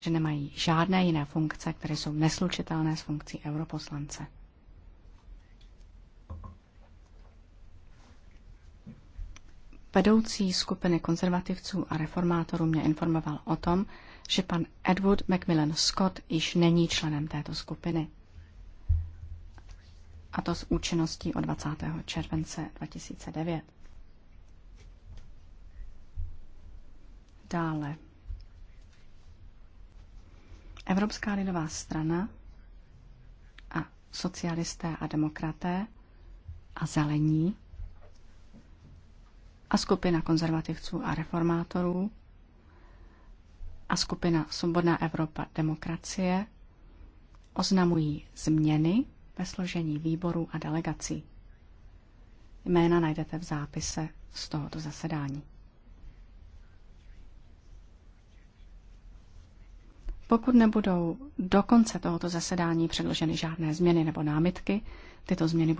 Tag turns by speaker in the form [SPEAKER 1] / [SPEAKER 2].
[SPEAKER 1] že nemají žádné jiné funkce, které jsou neslučitelné s funkcí europoslance. Vedoucí skupiny konzervativců a reformátorů mě informoval o tom, že pan Edward Macmillan Scott již není členem této skupiny. A to s účinností od 20. července 2009. Dále Evropská lidová strana a socialisté a demokraté a zelení a skupina konzervativců a reformátorů a skupina Svobodná Evropa demokracie oznamují změny ve složení výborů a delegací. Jména najdete v zápise z tohoto zasedání. Pokud nebudou do konce tohoto zasedání předloženy žádné změny nebo námitky,
[SPEAKER 2] tyto změny budou